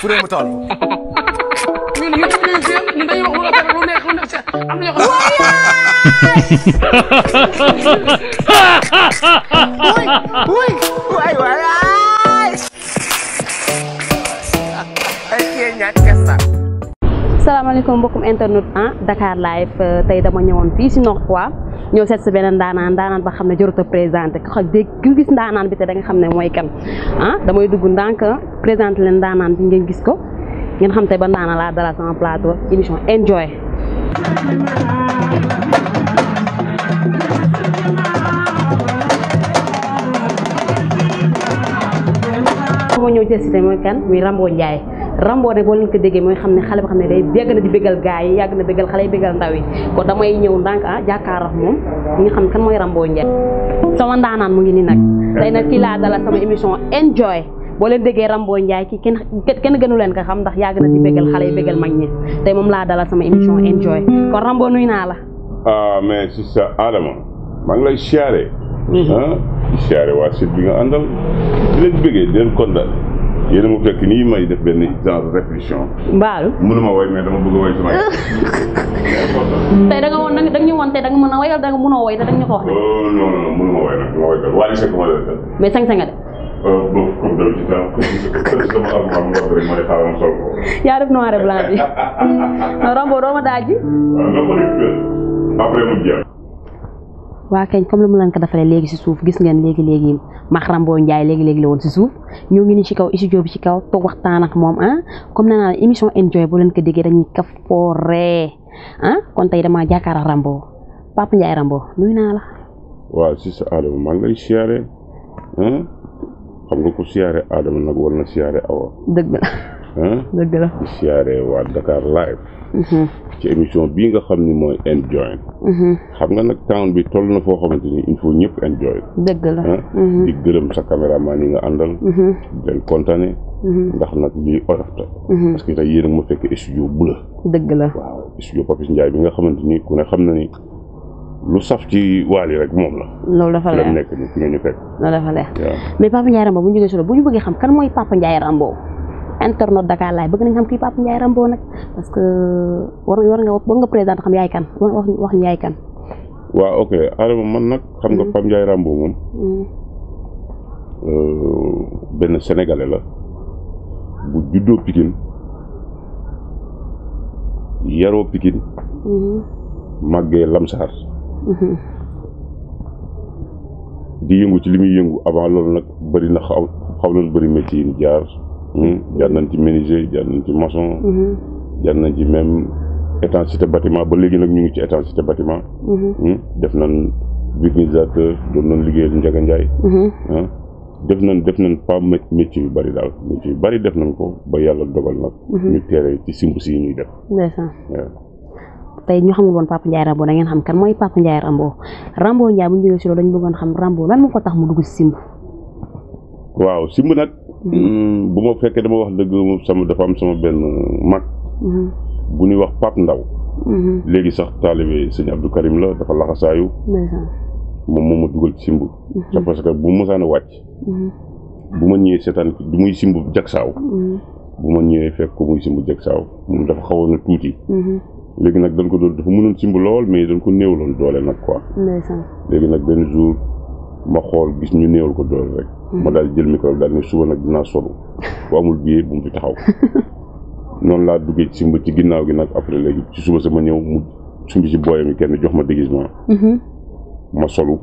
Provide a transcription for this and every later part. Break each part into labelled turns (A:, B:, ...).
A: furee mu toll.
B: ñun internet ah Dakar live euh, tey dama ñëwoon fii si Nord Foire. ñëw seet si beneen ndaanaan ndaanaan ba xam ne jarut a présenté ko dégg ku gis ndaanaan bi te xam ne mooy kan ah damay dugg ndank présenté leen ndaanaan bi ngeen gis ko ngeen xam tey ba ndaanaan laa dalal sama plateau émission enjoy moo ñëw jël si te mooy kan muy Rambo Ndiaye Rambo de boo leen ko déggee mooy xam ne xale boo xam ne day yàgg na yi yàgg na bégal xale yi bégal ndaw kon damay ñëw ndànk a ah, jàkkaarloo ak moom ñu xam kan mooy Rambo Ndiaye. sama ndaanaan mu ngi nii nag tey nag kii laa dalal sama émission enjoy boo leen déggee Rambo Ndiaye ki kenn kenn gënu leen ko xam ndax yàgg na di bégal xale yi bégal mag ñi tey moom laa dalal sama émission enjoy kon Rambo nuy naa la.
C: ah mais si sa Adama maa ngi lay siyaare. Mhm. ah yéen mu fekk nii may def benn genre réflexion. mbaalu mënuma woy mais dama bëgg a woy sama
B: tey da nga woon da nga ñu woon a woy wala da nga mënoo woy te da nga ñu ko wax yaa def noir blanc bi. rombo doo ma daaj ji. Ah, waa kañ comme lu mu lan ko defalee léegi si suuf gis ngeen léegi léegi Maxram Boy Ndiaye léegi léegi la woon si suuf ñoo ngi ni si kaw studio bi ci kaw toog waxtaan ak moom ah comme nee naa la émission enjoy bu leen ko déggee dañuy ka fooree ah kon tey damaa jàkkaar ak Rambo Papa Ndiaye Rambo nuyu naa la.
C: waaw si sa Adama maa ngi lay siyaare ah. xam nga ko siyaare Adama nag war na siyaare Awa. la. dëgg la di siyaare waa Dakar live mhm. ci émission bii nga xam ni mooy enjoy mhm. xam nga nag town bi toll na foo xamante il faut ñëpp enjoy dëgg la mhm. di gërëm sa caméraman yi nga àndal del kontaane ndax nag lii oyof ta parce que a ma fekk studio bu la dëgg la waaw studio Papis Ndiaye bi nga xamante ni ku ne xam na ni lu saf ci waali rek moom la.
B: loolu dafa leer nekk
C: ni fi nga loolu
B: dafa mais Papa Ndiaye Rambo bu ñu solo bu ñu bëggee xam kan mooy Papa Ndiaye Rambo. internet Dakar laay bëgg nañ xam kii Pape Ndiaye Rambo nag parce que war war nga war nga président xam yaay kan wax wax yaay kan.
C: waaw ok Adama man nag. xam nga mm. Pape Ndiaye Rambo moom. Mm. Euh, benn sénégalais la bu juddoo Pikine yaroo Pikine mm-hmm. màggee Lamsaar. Mm-hmm. di yëngu ci li muy yëngu avant loolu nag bëri na xaw xaw nañu bëri métier yi jaar. ñun jaar nañ ci menuisier jaar nañ ci maçon. Mhm. jaar nañ ci même étanchéité bâtiment ba léegi nag ñu ngi ci étanchéité bâtiment. Mhm. Hmm? def nañ vulgarisateur doon nañ liggéeyal Ndiaga Ndiaye. Mhm. Ah? def nañ def nañ pas métier yu bari daal métier yu bari def nañ ko ba yàlla dogal nag. ñu teeree ci simb si ñuy def.
B: tey ñu xamul woon Papa Ndiaye Rambo da ngeen xam kan mooy Papa Ndiaye Rambo Rambo Ndiaye bu ñu si loolu dañu bëggoon xam Rambo lan moo ko tax mu dugg simb.
C: waaw simb nag. Mm, bu ma fekkee dama wax dëgg sama dafa am sama benn mag. Mm-hmm. bu ñuy wax Pape Ndaw mm-hmm. léegi sax taalibe sëñ Abdou la dafa laxasaayu moom moo ma dugal simb. Mm-hmm. c'est parce que bu ma wàcc. bu ma ñëwee seetaan du muy simb jagsaaw. bu ma ñëwee fekk ko muy simb jagsaaw moom dafa xawoon a tuuti. léegi nag dañ ko doon dafa mënoon simb lool mais dañ ko lool doole nag quoi. léegi nag benn jour. ma xool gis ñu néewal ko doole rek. Mm. ma daal jël micro bi daal ne suba nag dinaa solu bu amul billet bu mu fi taxaw. noonu laa duggee ci simb ci ginnaaw gi nag après léegi ci suba sama ñëw mu sumb ci booyam yi kenn jox ma déguisement. Mm-hmm. ma solu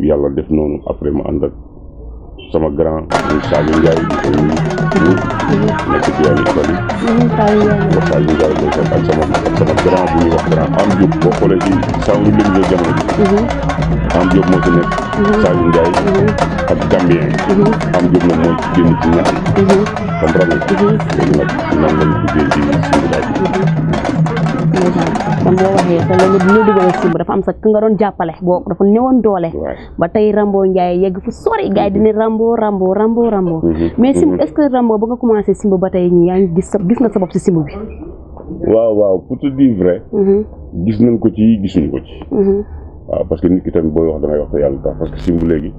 C: yàlla def noonu après ma ànd ak. sama grand muy Saliou di ko nuyu nekk ci yoonu
A: Italie wax Saliou Ndiaye mooy sama ak
C: sama sama grand bu ñuy wax Am Diop boo xoolee ci saa yu lim la jamono ji Am Diop moo ci nekk Saliou Ndiaye ak Gambien Am Diop nag mooy génn ci ñaar comprendre léegi nag nan lañ duggee ci suñu laaj
B: kon boo dafa am sa nga doon jàppale boobu dafa néewoon doole ba tey Rambo Ndiaye yegg fu Rambo Rambo Rambo Rambo mm-hmm. Mm-hmm. mais Rambo ba nga commencé simb ba tey ñi yaa ngi sa gis nga sa bopp
C: waaw waaw pour te mm-hmm. gis nañ ko ci gisuñ ko ci
B: waaw
C: parce que nit parce que simb léegi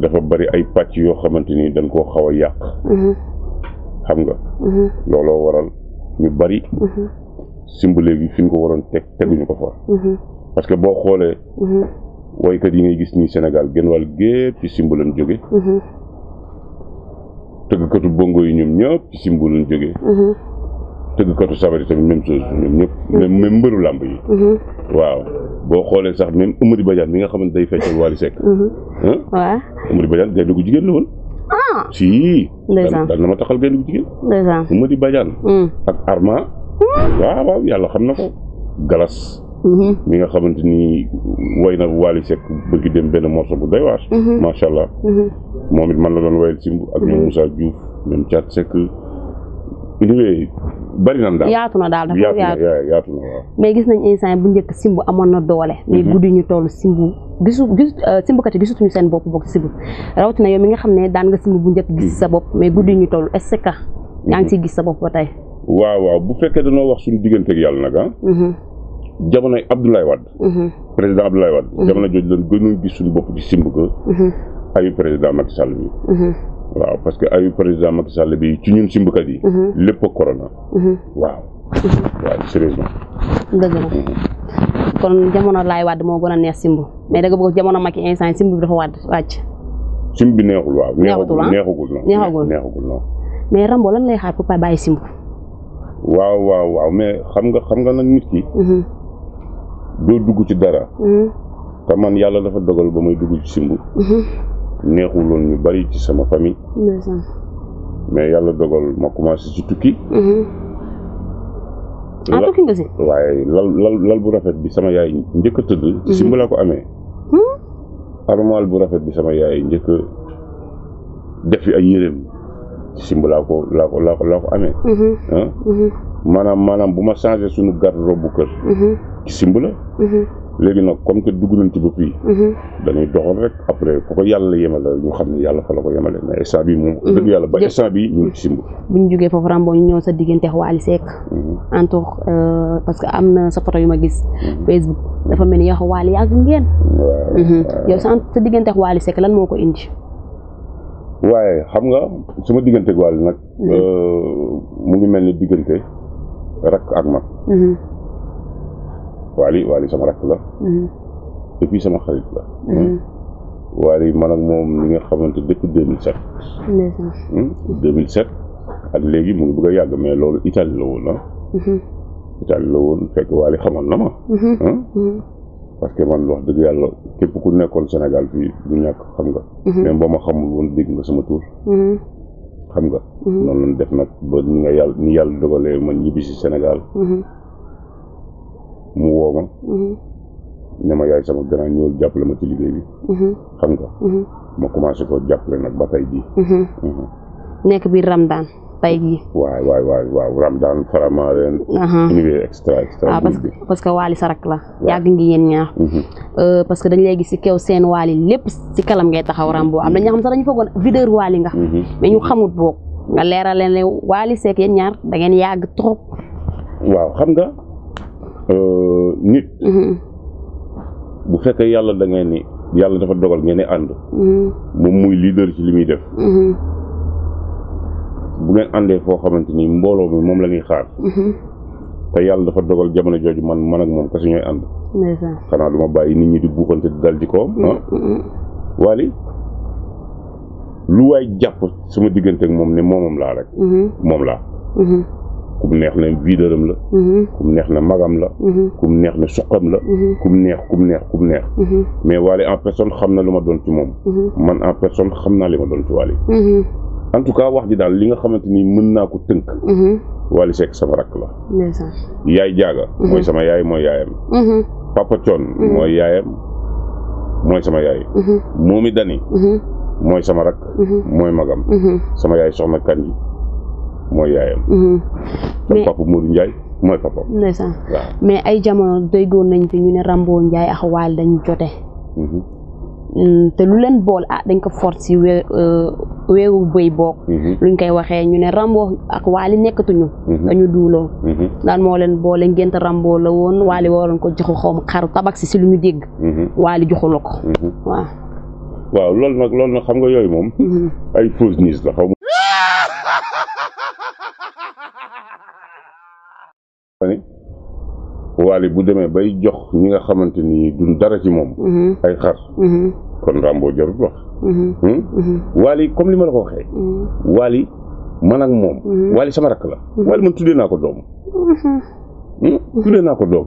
C: dafa bari ay pacc yoo xamante ni dañ koo xaw a yàq xam nga looloo waral ñu bari simb léegi fi ñu ko waroon teg teguñu ko fa. Mhm. parce que boo xoolee. Mhm. woykat yi ngay gis nii Sénégal genn wàll gépp ci simb lañ jóge. Mhm. tëggkatu bongo yi ñoom ñëpp ci simb lañ jóge. tëggkatu sabar yi tamit même chose ñoom ñëpp. même mbëru làmb yi. waaw boo xoolee sax même Amady Badiane mi nga ne day feccal Wally Seck. waaw Amady Badiane gaynde gu jigéen la woon. ah si.
A: taxal gaynde gu jigéen. ndeysaan
C: Amady mm. ak Arma. waaw waaw yàlla xam na ko galas mhm. mi nga xamante ni way na Wally Seck bëgg dem benn morceau bu doy waar mhm. macha allah mhm. moom it man la doon wayal simb ak ñoom Moussa Diouf na daal dafa yaatu yaatu na waaw
B: mais gis nañ instant bu njëkk simb amoon na doole mais guddi ñu toll simbu gisu gis euh, simbkat yi gisutuñu seen bopp boog simb na yow mi nga xam ne daan nga simb bu njëkk gis sa bopp mais guddi ñu toll est-ce que ngi ciy gis sa bopp ba tey
C: waaw waaw bu fekkee dañoo wax suñu diggante ak yàlla nag ah. Mm-hmm. jamonoy Abdoulaye Wade. Mm-hmm. président Abdoulaye Wade. Mm-hmm. jamono jooju lañ gënoon gis suñu bopp di simb ko. ayu président Macky Sall bi. waaw parce que ayu président Macky Sall bi ci ñun simbkat yi. lépp a corona. waaw. sérieusement.
B: kon jamono laay wàdd moo gën a neex simb mais da nga bëgg jamono Macky instant yi simb bi dafa wàdd wàcc.
C: simb bi neexul waaw. neexagul ah. neexagul neexagul non
B: mais Rambo lan lay xaar pour
C: waaw waaw waaw mais xam nga xam nga nag nit ki. Mhm. doo dugg ci dara. Mhm. te man yàlla dafa dogal ba may dugg ci simbu. Mhm. neexul woon ñu bari ci sama famille. mais yàlla dogal ma commencé ci tukki. ah tukki nga waaye lal lal bu rafet bi sama yaay njëkk a tëdd. ci simbu laa ko amee. Hmm? armoire bu rafet bi sama yaay njëkk def fi ay yéreem. ci simb laa ko laa ko laa ko laa ko amee
A: mhm. Mhm.
C: maanaam maanaam bu ma changé suñu garde robe kër mhm. ci simb la léegi nag comme que dugg nañ ci bopp yi dañuy doxal rek après foo ko yàlla yemale ñu xam ne yàlla fa la ko yemale mais instant bi moom dëgg yàlla ba instant bi ñu
B: ñëw sa diggante ak Wally euh, parce que am na sa photo yu ma gis Facebook dafa mel ni yow Wally yàgg ngeen yow sa sa diggante ak Wally Seck lan moo ko indi
C: waaye xam nga su ma diggante Wally nag. Mhm. Euh, mu ngi mel ni diggante rakk ak mag. Mhm. Wally Wally sama rakk la. Mhm. et sama xarit la. Hmm? Wally man ak moom li nga xamante depuis 2007. 2007 hmm? ak léegi mu ngi bëgg a yàgg mais loolu Italie la woon ah. Italie la woon fekk Wally xamoon na ma. Hmm? parce que man wax dëgg yàlla képp ku nekkoon Sénégal fii du ñàkk xam nga. même boo ma xamul woon dégg nga sama tur. Mhm. xam nga. Mhm. noonu lañ def nag ba ni nga yàlla ni yàlla dogalee ma ñibbi si Sénégal. Mhm. mu woo ma. ne ma yaay sama grand ñëw jàppale ma ci bi. xam nga. ma commencé ko jàppale nag ba tey
B: nekk biir Ramadan tey jii.
C: waay waay waay waaw Ramadan Faramareen. univers extra ah, parce que
B: parce que waali sarak la. yàgg ngi yéen ñaar. Mhm. Euh, parce que dañ lay gis si kew seen waali lépp si kalam ngay taxaw Rambo am na ñoo xam sax dañu foogoon videur waali nga. Mhm. mais ñu xamut boog nga leeral leen ne waali seek yéen ñaar da ngeen yàgg trop.
C: waaw xam nga euh, nit. Mhm. bu fekkee yàlla da ngeen yàlla dafa dogal ngeen di ànd. moom muy ci li muy def. bu ngeen àndee foo xamante ni mbooloo mi moom la ñuy xaar. Mhm. te yàlla dafa dogal jamono jooju man man ak moom kese ñooy ànd. xanaa du ma bàyyi nit ñi di buuxante di dal di ko. Ah. Mm, mm, mm. waali lu waay jàpp sama diggante moom ne moomam laa rek. Mhm. moom laa. Mhm. kum neex na vidéoram la. kum neex na magam la. kum neex na suqam la. kum neex kum neex kum neex. mais waali en personne xam na lu ma doon ci moom. man en personne xam naa li ma doon ci waali. en tout cas wax ji daal li nga xamante ni mën naa ko tënk. Mhm. Wally Seck sama rakk la. yaay jaaga. Mhm. mooy sama yaay mooy yaayam. Mhm. Papa Thione. mooy yaayam mooy sama yaay. Momy Dani. mooy sama rakk. mooy magam. sama yaay soxna Kandji mooy yaayam.
B: mais ay jamono déggoon nañ fi ñu ne Rambo Ndiaye ak Wally dañu jote. Mm, te lu leen bool ah dañ ko force si weewu bëy boog mhm. luñ koy waxee ñu ne Rambo ak Waly nekkatuñu mhm. dañu duuloo mhm. daan moo leen boole ngénte Rambo la woon Waly waroon ko joxu xawma xaru tabax si si lu ñu dégg
C: Waly joxu la ko waaw waaw loolu nag loolu nag xam nga yooyu moom ay fausse news la xaw ma Waly bu demee bay jox ñi nga xamante ni dara ci moom ay xar kon Rambo jarul wax. Mm-hmm. Hmm? Mm-hmm. Wally comme li ma la ko waxee. Mm-hmm. Wally man ak moom. Wally sama rakk la. Wally man tuddee naa ko doom. Hmm? tuddee naa ko doom.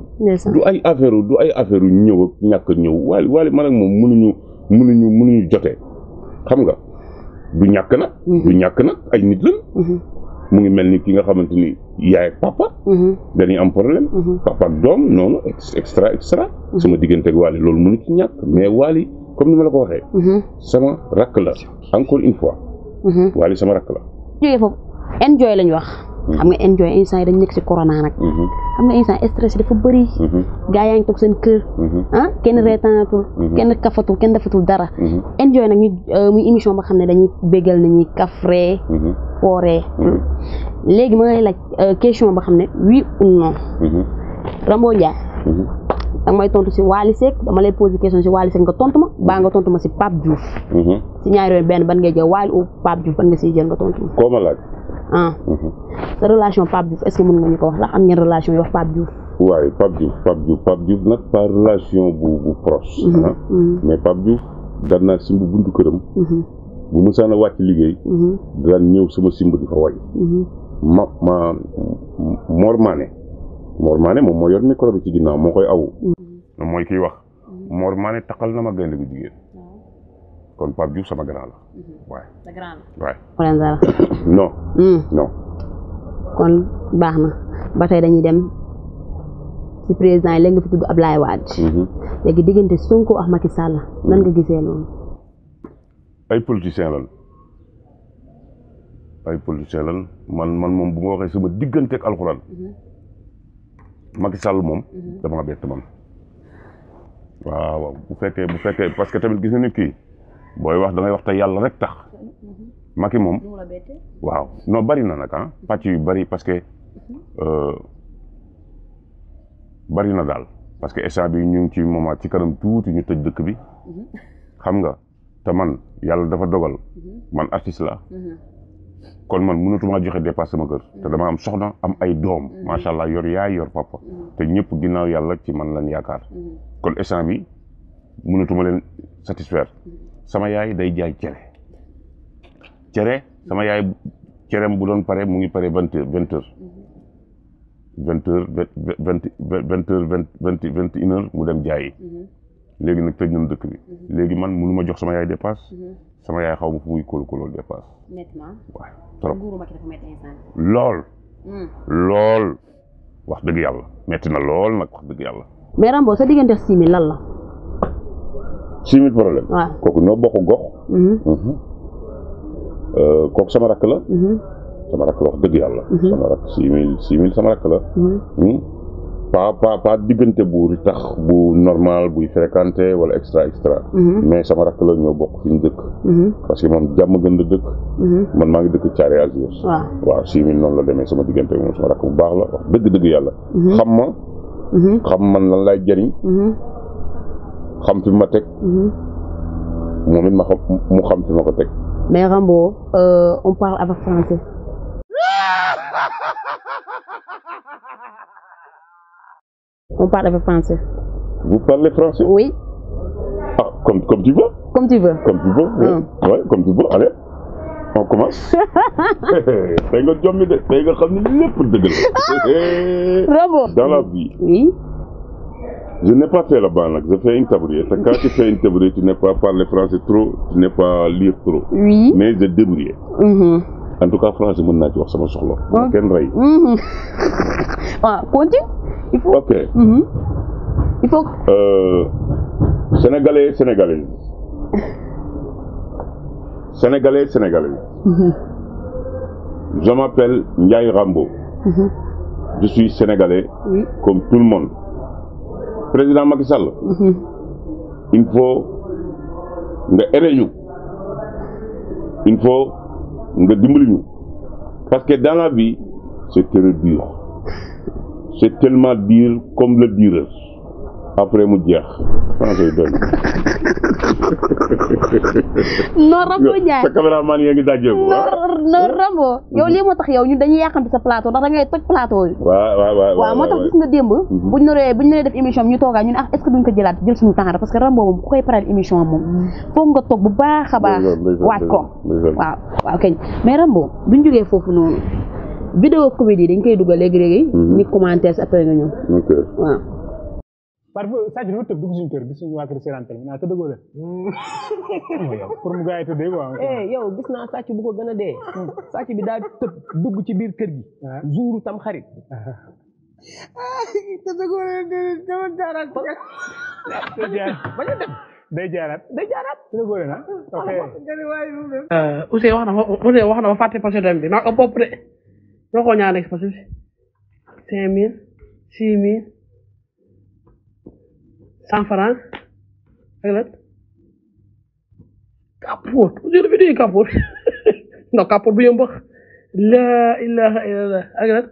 C: du ay affaire du ay affaire yu ñëw ñàkk ñëw Wally Wally man ak moom mënuñu mënuñu mënuñu jotee xam nga du ñàkk na. du ñàkk na ay nit lañ. mu ngi mel ni ki nga xamante ni yaay ak papa. Mm-hmm. dañuy am problème. Mm-hmm. papa ak doom noonu extra extra. Mm-hmm. sama diggante ak Wally loolu mënu ci ñàkk mais Wally comme ni ma la ko waxee. sama rakk la encore une fois. Wally sama rakk la.
B: jógee enjoy lañ wax. Mm-hmm. xam nga enjoy instant yi dañ nekk si corona nag. Mm-hmm. xam nga instant stress dafa bëri. Mm-hmm. gaa yaa ngi toog seen kër. ah kenn reetaanatul. kenn kafatul kenn defatul dara. enjoy nag euh, muy émission boo xam ne dañuy bégal nañuy kafree. fooree. léegi ma lay euh, question boo xam ne oui ou non. Rambo Ndiaye. danga tontu si Wally Seck dama lay posé question si Wally Seck nga tontu ma baa nga tontu ma si Pape jouf si ñaari yoon benn ban ngay jël Wally ou Pape Diouf ban nga siy jël nga tontu ma.
C: koo ah. Mhm.
B: sa relation Pape Diouf est-ce nga ñu ko wax ndax am ngeen relation yoo Pape Diouf.
C: waaye Pape Diouf Pape Diouf Pape Diouf nag par relation bu bu proche. Mhm, ah. mhm. mais Pape Diouf daan naa simb buntu këram. bu mësaan a wàcc liggéey. daan ñëw sama simb di fa way. ma ma Mor Mané Mor Mané moom moo yor micro bi ci ginnaaw moo koy awu. mooy kiy wax. Mor Mané na ma gaynde gu jigéen. kon Pape Diouf sama grand la. waay mhm.
B: non. Hmm. non. kon baax na ba tey dañuy dem si président yi nga fi tudd Ablaye Wade. Mhm. léegi diggante Sonko ak Macky Sall nan nga gisee loolu.
C: ay politiciens lan ay politiciens lan man man moom bu ma waxee sama diggante ak alxuraan. Mhm. Macky Sall moom. damaa bett man. waaw bu fekkee bu fekkee parce que tamit gis nga nit kii. booy wax da ngay wax te yàlla rek tax mhm. Macky moom waaw non bari na nag ah pàcc yu bari parce que mhm. euh, bari na daal parce que instant bi ñu ngi ci moment ci kanam tuuti ñu tëj dëkk bi mhm. xam nga te man yàlla dafa dogal man artiste la kon man mënatumaa joxe dépasse sama kër te dama am soxna am ay doom macha allah yor yaay yor papa te ñëpp ginnaaw yàlla ci man lañ yaakaar kon instant bi mënatuma leen satisfaire sama yaay day jaay cere cere sama yaay cerem bu doon pare mu ngi pare vingt heures vingt heures vingt heures vingt vingt vingt vingt vingt mu dem jaayi mhm. léegi nag tëj nañ dëkk bi mhm. léegi man munu ma jox sama yaay dépasse mhm. sama yaay xaw ma fu muy kóol-kóoloo dépasse trop lool mm. lool wax dëgg yàlla metti na lool nag wax dëgg yàlla
B: mais Rambo sa diggante simi lan la
C: six mille problème. kooku ñoo bokk gox. Mhm. Mhm. Euh, kooku sama rakk la. sama rakk la wax mhm. dëgg hmm? yàlla. sama rakk six sama rakk la. pas paa diggante bu tax bu normal buy fréquenté wala extra extra. mais sama rakk la ñoo bokk fi ñu dëkk. parce que moom jàmm gën la dëkk. man maa ngi dëkk Thiaré Azur. waaw waaw six noonu la demee sama diggante moom sama rakk bu baax la wax dëgg dëgg yàlla. xam ma. xam man laay jëriñ. xam fi ma teg. Mhm. moom it ma xam mu xam fi ma ko teg.
B: mais Rambo euh, on parle avec français. on parle avec français.
C: vous parlez français. oui. ah comme comme tu veux. comme tu veux. comme tu veux. oui mm. ouais, comme tu veux allez. on commence tey nga jommi de tey nga xam ni lépp dëgg la. Rambo dans la vie. Je n'ai pas fait la bas Je fais une tabriette. Quand pas parler français trop, tu n'es pas lire trop. Mais je débrouille. Mhm. En tout cas, français, je ne sais pas si je suis là. Sénégalais, Sénégalais. Sénégalais, mhm. Je m'appelle Ndiaye Rambo. Mhm. Je suis Sénégalais, comme tout le monde. président Macky Sall. Mhm. il faut nga aider ñu il faut nga dimbali parce que dans la vie c'est très dur c'est tellement dur comme le dirait après mu jeex français doy
B: non Ramadou Ndiaye sa
C: caméraman yaa ngi dajee ah. ko
B: na mm-hmm. Rambo yow mm-hmm. lii moo tax yow ñun dañuy yàqamti sa plateau ndax da ngay toj plateau yi
C: waaw waaw waaw moo tax gis
B: nga démb mm-hmm. buñ naree buñ def émission ñu toogaa ñu ne ah est duñ ko jëlaat jël suñu temps parce que Rambo moom ku koy paral émission moom foog nga toog bu baax a baax waaj ko waaw waaw keñ mais Rambo buñ jógee foofu noonu vidéo Covid yi dañ koy dugal léegi-léegi ñu commentaire après nga ñëw
C: waaw parce que Sadio dafa tëb dugg suñu kër gis suñu waa kër séerante la naa pour mu gars yi tëddee quoi.
B: Eh, yow gis naa sàcc bu gën a dee. Hmm. sàcc bi daal tëb dugg ci biir kër gi. Ah. zuuru tam xarit.
A: Ah, tëddagoo leen de dama wax na ma Ousseyn
B: wax na ma bi
A: maa ko bopp de. ñoo ko ñaanal exposé bi. cinq cent franc ak lan kàppoot aujourd'hui bi dee kàppoot ndax kàppoot bu yëmbax laa ilaha illallah ak lan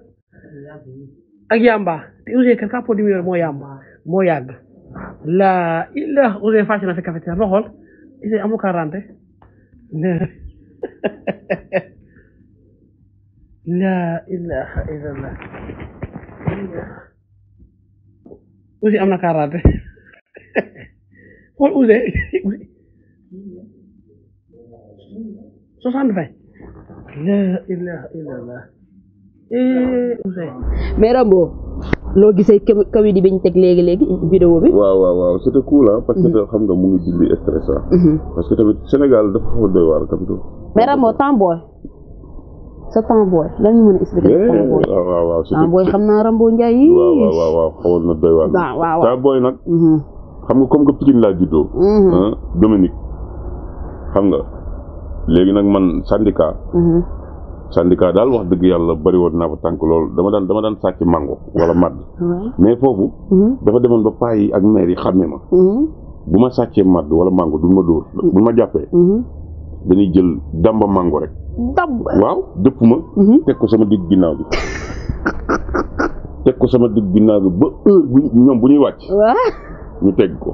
A: ak yàmba te aujourd'hui kat di mu yor moo yàmba moo yàgg laa ilaha aujourd'hui fàcc na fi cafetière ba xool ise amul quarante laa ilaha illallah aussi am na xool Ouzin soixante vingt la ilaha
B: eh, loo gisee kaw di biñ teg léegi léegi vidéo
C: bi waaw waaw waaw c'était cool parce que mm-hmm. xam nga mu ngi dindi stress ah parce que tamit Sénégal dafa xaw a doy waar tamit
B: mais Rambo Tamboy sa Tamboy lan ñu mën eh, xam naa Rambo Ndiaye waaw waaw
C: waaw xawoon na doy waaw waaw Tamboy nag mm-hmm. xam nga comme que Pikine laa juddoo. Mhm. Dominique xam nga léegi nag man syndicat. Mhm. syndicat daal wax dëgg yàlla bari woon naa fa tànk loolu dama daan dama daan sàcc mango wala madd mais foofu. Mhm. dafa demoon ba paa ak maire yi xàmme ma. bu ma sàccee madd wala mango duñ ma dóor. bu ma jàppee. dañuy jël damba mango rek.
A: damba waaw
C: dëpp ma. teg ko sama digg ginnaaw bi. teg ko sama digg ginnaaw bi ba heure bu ñoom bu ñuy wàcc. ñu teg ko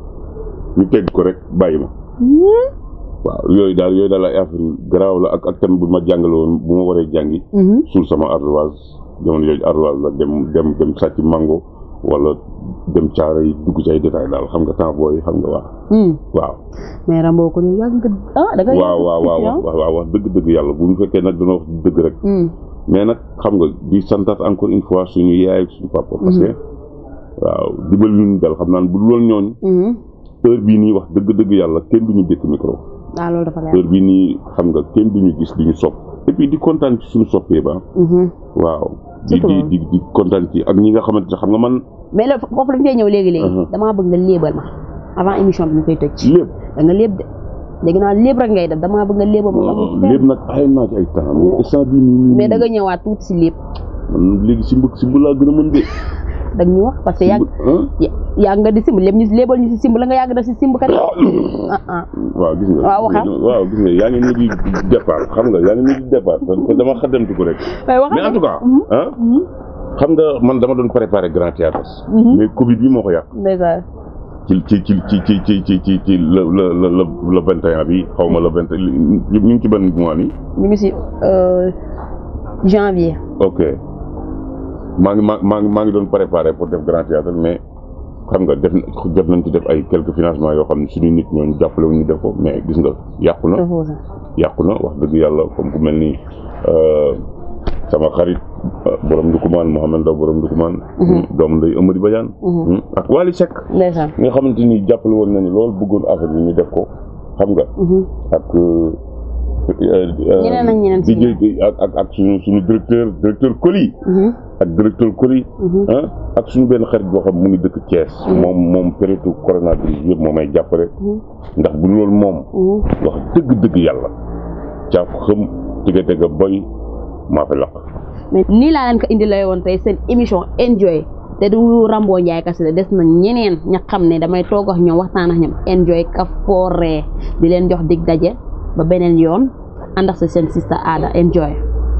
C: ñu teg ko rek bàyyi ma. Hmm? waaw yooyu daal yooyu daal ay ak ak tamit bu ma jàngale woon bu ma waree jàngi. Hmm? suul sama ardoise jamono yooyu ardoise la dem dem dem sàcc mango wala dem caara yi dugg ci ay détail daal xam nga temps booy xam nga waaw. Hmm. waaw.
B: ko ni ah yàgg waaw ah. waaw
C: waaw wax dëgg dëgg yàlla bu ñu fekkee nag dana wax dëgg rek. mais nag xam nga di santaat encore une fois suñu yaay suñu papa. parce waaw dimbal ñu daal xam naan bu dul woon ñooñu. Mm-hmm. heure bii nii wax dëgg dëgg yàlla kenn du ñu dëkk micro.
B: waaw ah, loolu dafa leer bii
C: nii xam nga kenn du ñu gis du ñu sopp. et puis di kontaan ci suñu soppee ba. Mm-hmm. waaw. di kontaan ci ak ñi nga xamante ne xam nga man.
B: mais loolu foofu lañ koy ñëw léegi léegi. Uh-huh. damaa bëgg nga léebal ma avant émission bi ñu koy tëj. léeb da nga léeb de léegi ngay def damaa bëgg nga léebal ma. léeb
C: nag ay naa ci ay temps mais instant
B: ñëwaat tuuti si léeb.
C: léegi si mbëgg si mbëgg laa gën a mën de. da ñu wax parce que yàgg
B: yàgg nga di simb lépp ñu léebal ñu si simb la nga yàgg def si simb kat. Ah, ah
C: waaw gis nga. waaw waxal waaw gis nga yaa ngi nii di départ xam nga yaa ngi nii di départ kon dama xaddamtu ko rek.
A: mais en tout cas. Mhm. Mhm.
C: xam nga man dama doon préparer grand théâtre. Mhm. mais Covid bi moo ko yàq. ci ci ci ci ci ci ci ci ci le le le vingt et un bi xaw ma le vingt ñu ngi ci ban mois nii.
B: ñu ngi si euh, janvier.
C: ok. maa ngi maa ngi maa ngi doon préparé pour def grand théâtre mais xam nga def jot nañ ci def ay quelques financement yoo xam ne suñu nit ñooñu jàppale wu ñu def ko mais gis nga yàqu na. yàqu na wax dëgg yàlla comme ku mel ni euh, sama xarit euh, borom ndukumaan Mouhamed Ndaw borom ndukumaan. Mhm. Hmm, doom nday Amady Badiane. Mhm. Hmm, ak Waly Seck. nga xamante ni jàppale woon nañu lool bëggoon affaire bi ñu def ko xam nga. Mhm. ak. Euh, Euh, euh, ñeneen ak ñeneen si ak suñu suñu directeur directeur Coly. Mhm. ak directeur Coly. Mhm. ak suñu benn xarit boo xam mu ngi dëkk Thiès. Mhm. moom moom période coronavirus yëpp moo may jàppale. ndax bu loolu moom. wax dëgg-dëgg yàlla caaf xam tege tege boy maa fi lakk.
B: nii laa leen ko indi lay woon tey seen émission enjoy te du Rambo Ndiaye kese la des na ñeneen ña xam ne damay toog ak ñoom waxtaan ak ñoom enjoy ka fooree di leen jox dig daje ba beneen yoon. understand sista Ada. Enjoy.